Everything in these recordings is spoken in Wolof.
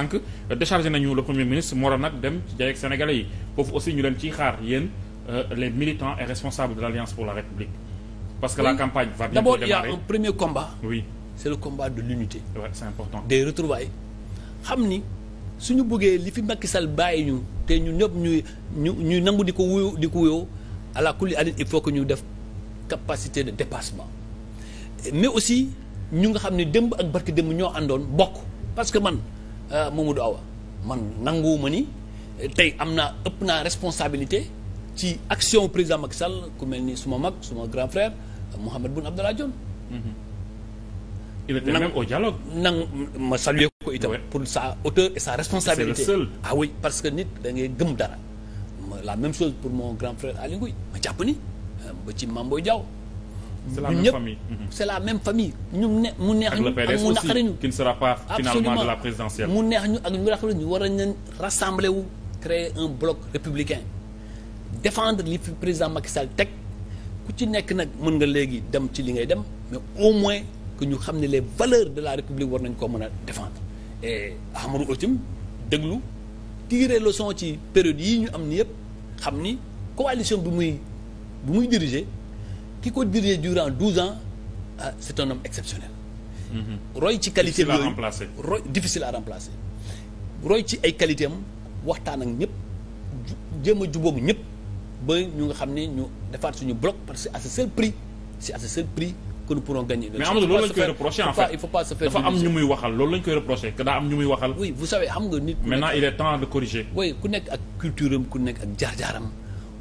sànq déchargé nañu le premier ministre moo tax nag dem ci jaay ak sénégalais yi euh, de l'Alliance la République parce que oui. la a xam ni suñu bëggee li fi Macky Sall bàyyi ñu te ñu ñëpp ñuy ñu ñuy nangu di ko wuyu di ko wuyoo à la kulli alin il faut que ñu def capacité de dépassement mais aussi ñu nga xam ni démb ak barki démb ñoo àndoon bokk parce que man Euh, Mamadou Awa man nangu ma ni tey am naa ëpp naa responsabilité ci action président mag Sall ku mel ni suma mag suma grand frère Mouhamed Boun Abdallah Dionne. il était même au dialogue. nang ma saluer ko itam. pour sa hauteur et sa responsabilité. c'est ah parce que nit da ngay gëm dara. la même chose pour mon grand frère Aly Ngouille ma jàpp ni euh, ba ci Mame Boye Mm-hmm. c'est la même la même famille ñu mu neex ñu ak mu naqari ñu qui la présidentielle mu neex ñu ak ñu naqari ñu war a leen rassembler wu créer un bloc républicain défendre li fi président Macky Sall teg ku ci nekk nag mën nga léegi dem ci li ngay dem mais au moins ku ñu xam ne les valeurs de la république war nañ koo mën a défendre et Amadou Otim déglu tirer leçon ci période yi ñu am ni yëpp xam ni coalition bi muy bi muy diriger ki ko dire durant douze ans ah c'est un homme exceptionnel. Mm-hmm. roy ci qualité bi yooyu roy difficile à remplacer. roy ci ay qualité am waxtaan ak ñëpp jéem a jubóog ñëpp ba ñu nga xam ne ñu defaat suñu bloc parce que à ce seul prix c'est à ce seul prix que nous pourrons gagner. mais loolu lañ koy reprocher en fait il faut pas se faire dafa am ñu muy waxal loolu lañ koy reprocher que daa am ñu muy waxal. oui vous savez xam nga nit. maintenant il temps de corriger. oui ku nekk ak culture am ku nekk ak jaar-jaaram.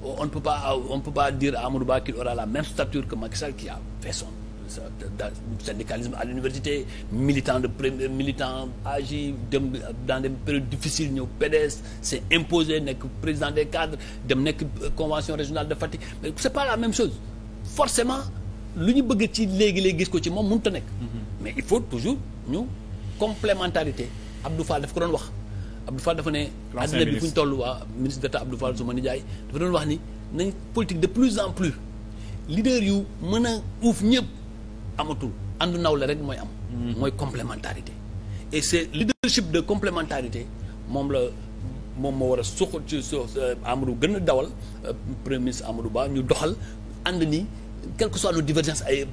on ne peut pas euh, on ne peut pas dire à Amadou la même stature que Macky Sall qui a fait son syndicalisme à l'université militant de premier militant agi dem dans des périodes difficiles ñëw PDS s'est imposé nekk président des cadres dem nekk euh, convention régionale de Fatick mais c'est pas la même chose forcément lu ñu bëgg ci léegi-léegi gis ko ci moom mënut a nekk mm-hmm. mais il faut toujours ñu complémentarité Abdou Fall daf ko doon wax Abdou Fall dafa ne àddina bi fu ñu toll waa ministre d'État Abdou Fall suma nijaay dafa doon wax ni nañ politique de plus en plus leader yu mën a uuf ñëpp amatul àndu nawle rek mooy am hmm. mooy complementarité et c'est leadership de complémentarité moom la moom moo war a suqal ci Amadou gën a dawal euh, premier ministre Amadou Ba ñu doxal ànd ni quelles que soient nos divergences ay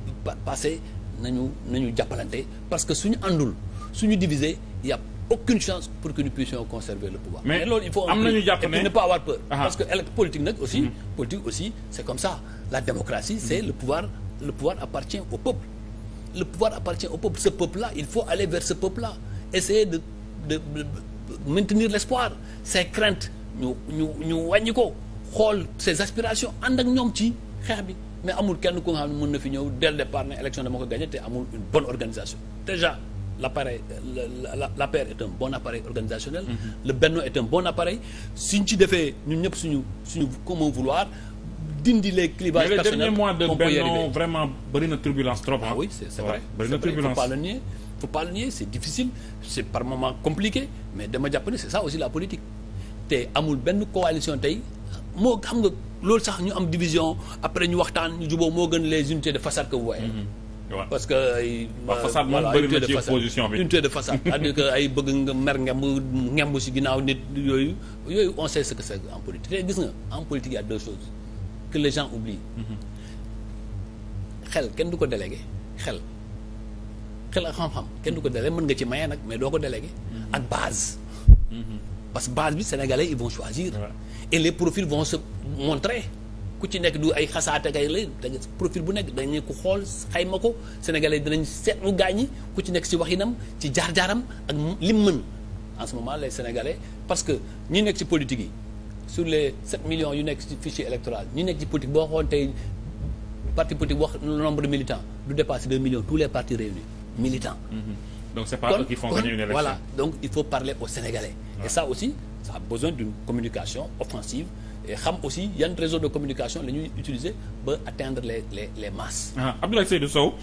passé nañu nañu jàppalante parce que suñu àndul suñu diviser yàpp aucune chance pour que nous puissions conserver le pouvoir. mais loolu il faut am nañu jàpp ne ne pas avoir peur. parce que politique nag aussi. Mhm. politique aussi c' est comme ça la démocratie c' est mhm. le pouvoir le pouvoir appartient au peuple. le pouvoir appartient au peuple ce peuple là il faut aller vers ce peuple là essayer de de, de, de maintenir l' espoir ses craintes ñu ñu ñu wàññi ko xool ses aspirations ànd ak ñoom ci xeex bi mais amul kenn ku nga xam ne na fi ñëw dès le départ ne élection dama gagné te amul une bonne organisation l'appareil l'APR est un bon appareil organisationnel mm -hmm. le Benno est un bon appareil suñ ci defee ñun ñëpp suñu suñu comment vouloir dindi les clivages personnels mais les derniers mois de vraiment bëri na turbulence trop ah oui c'est vrai c'est par moment compliqué mais dama jàpp ne c'est ça aussi la politique te amul benn coalition tey moo xam nga loolu sax ñu am division après ñu waxtaan ñu juboo moo gën les unités de façade que parce que ay. façade man bëri bi unité de façade cest ay bëgg mer ngemb ngemb si ginnaaw nit yooyu yooyu on sait ce que c'est en politique te gis nga en politique y deux choses que les gens oublient. Mm-hmm. xel kenn du ko délégué xel xel ak xam-xam kenn du ko délégué mën nga ci maye nag mais doo ko délégué. Mm-hmm. ak base. Mm-hmm. parce que base bi sénégalais ils vont choisir. et les profils vont se montrer. ku ci nekk du ay xasaate kay lay da nga profil bu nekk dañu ko xool xayma ko sénégalais dinañ seetlu gaañ yi ku ci nekk ci waxinam ci jaar-jaaram ak lim mën en ce moment les sénégalais parce que ñu nekk ci politique yi sur les 7 millions yu nekk ci fichier électoral ñu nekk ci politique boo xoon tey parti politique wax nombre de militants du dépasser 2 millions tous les partis réunis militants. Mm -hmm. donc c'est voilà donc il faut parler aux sénégalais. et ça aussi. ça a besoin d'une communication offensive et xam aussi yan réseau de communication la ñuy utiliser ba atteindre les les les masses. ah Abdoulaye Seydou Sow.